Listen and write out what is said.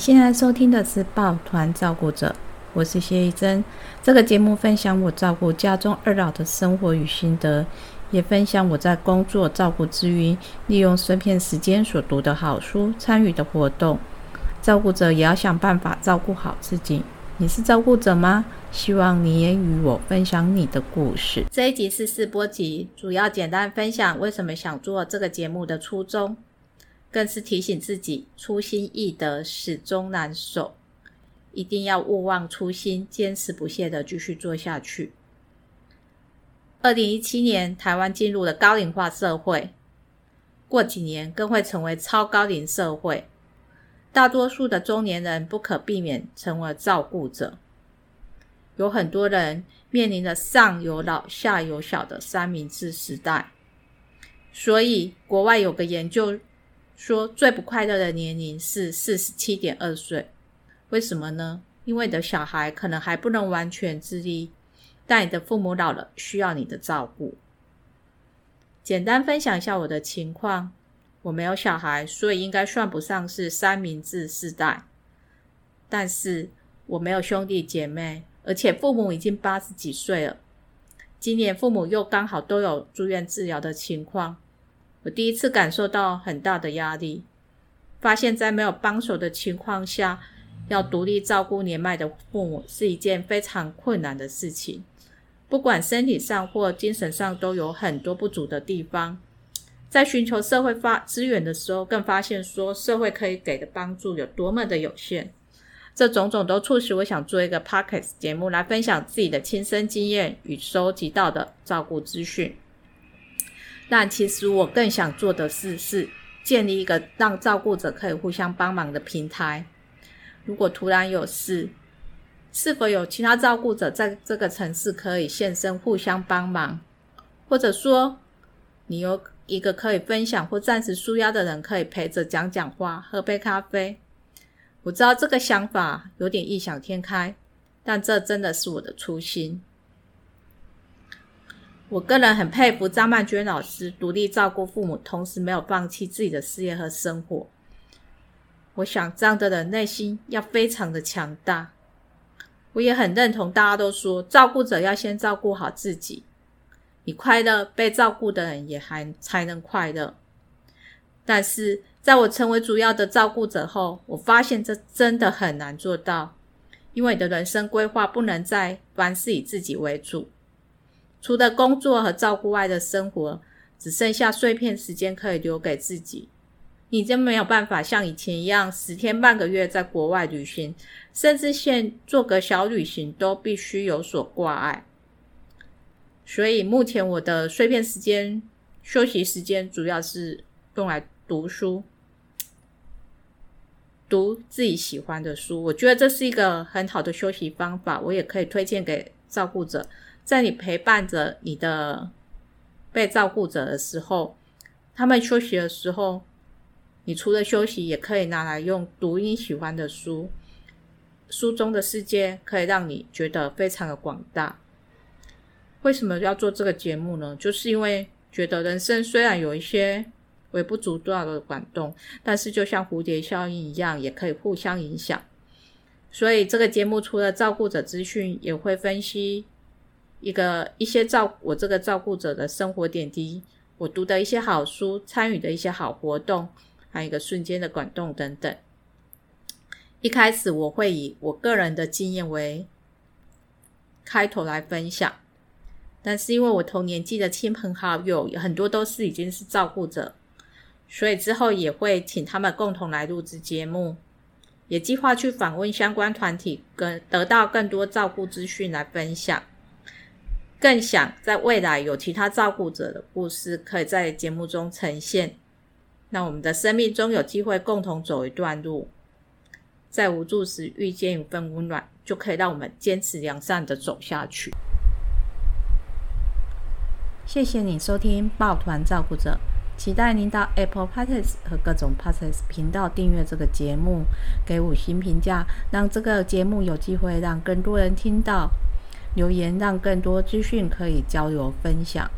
現在收聽的是《抱團照顧者》，我是謝宜珍。這個節目分享我照顧家中二老的生活與心得，也分享我在工作照顧之餘，利用碎片時間所讀的好書、參與的活動。照顧者也要想辦法照顧好自己。你是照顧者嗎？希望你也與我分享你的故事。這一集是試播集，主要簡單分享為什麼想做這個節目的初衷。更是提醒自己，初心易得，始終難守，一定要勿忘初心，堅持不懈地繼續做下去。二零一七年，台灣進入了高齡化社會，過幾年更會成為超高齡社會，大多數的中年人不可避免成為照顧者，有很多人面臨着上有老、下有小的三明治時代，所以國外有個研究。說最不快樂的年齡是四十七點二歲，為什麼呢？因為你的小孩可能還不能完全自立，但你的父母老了，需要你的照顧。簡單分享一下我的情況，我沒有小孩，所以應該算不上是三明治世代。但是我沒有兄弟姐妹，而且父母已經八十幾歲了，今年父母又剛好都有住院治療的情況。我第一次感受到很大的壓力，發現，在沒有幫手的情況下，要獨立照顧年邁的父母是一件非常困難的事情。不管身體上或精神上，都有很多不足的地方。在尋求社會發資源的時候，更發現說社會可以給的幫助有多麼的有限。這種種都促使我想做一個 podcast 節目，來分享自己的親身經驗與收集到的照顧資訊。但其實我更想做的事是，是建立一個讓照顧者可以互相幫忙的平台。如果突然有事，是否有其他照顧者在這個城市可以現身互相幫忙？或者說，你有一個可以分享或暫時紓壓的人，可以陪着講講話、喝杯咖啡？我知道這個想法有點異想天開，但這真的是我的初心。我個人很佩服張曼娟老師獨立照顧父母，同時沒有放棄自己的事業和生活。我想這樣的人內心要非常的強大。我也很認同，大家都說照顧者要先照顧好自己，你快樂，被照顧的人也還才能快樂。但是在我成為主要的照顧者後，我發現這真的很難做到，因為你的人生規劃不能再凡事以自己為主。除了工作和照顧外的生活，只剩下碎片時間可以留給自己。你真沒有辦法像以前一樣十天半個月在國外旅行，甚至現做個小旅行都必須有所掛礙。所以目前我的碎片時間、休息時間主要是用來讀書，讀自己喜歡的書。我覺得這是一個很好的休息方法，我也可以推薦給照顧者。在你陪伴着你的被照顧者的時候，他們休息的時候，你除了休息，也可以拿來用讀你喜歡的書，書中的世界可以讓你覺得非常的廣大。為什麼要做這個節目呢？就是因為覺得人生雖然有一些微不足道的感動，但是就像蝴蝶效應一樣，也可以互相影響。所以這個節目除了照顧者資訊，也會分析。一個一些照我這個照顧者的生活點滴，我讀的一些好書，參與的一些好活動，還有一個瞬間的感動等等。一開始我會以我個人的經驗為開頭來分享，但是因為我同年紀的親朋好友很多都是已經是照顧者，所以之後也會請他們共同來錄製節目，也計劃去訪問相關團體，跟得到更多照顧資訊來分享。更想在未來有其他照顧者的故事可以在節目中呈現。讓我們的生命中有機會共同走一段路，在無助時遇見一份溫暖，就可以讓我們堅持良善的走下去。謝謝你收聽《抱團照顧者》，期待您到 Apple Podcast 和各種 Podcast 頻道訂閱這個節目，給五星評價，讓這個節目有機會讓更多人聽到。留言，讓更多資訊可以交流分享。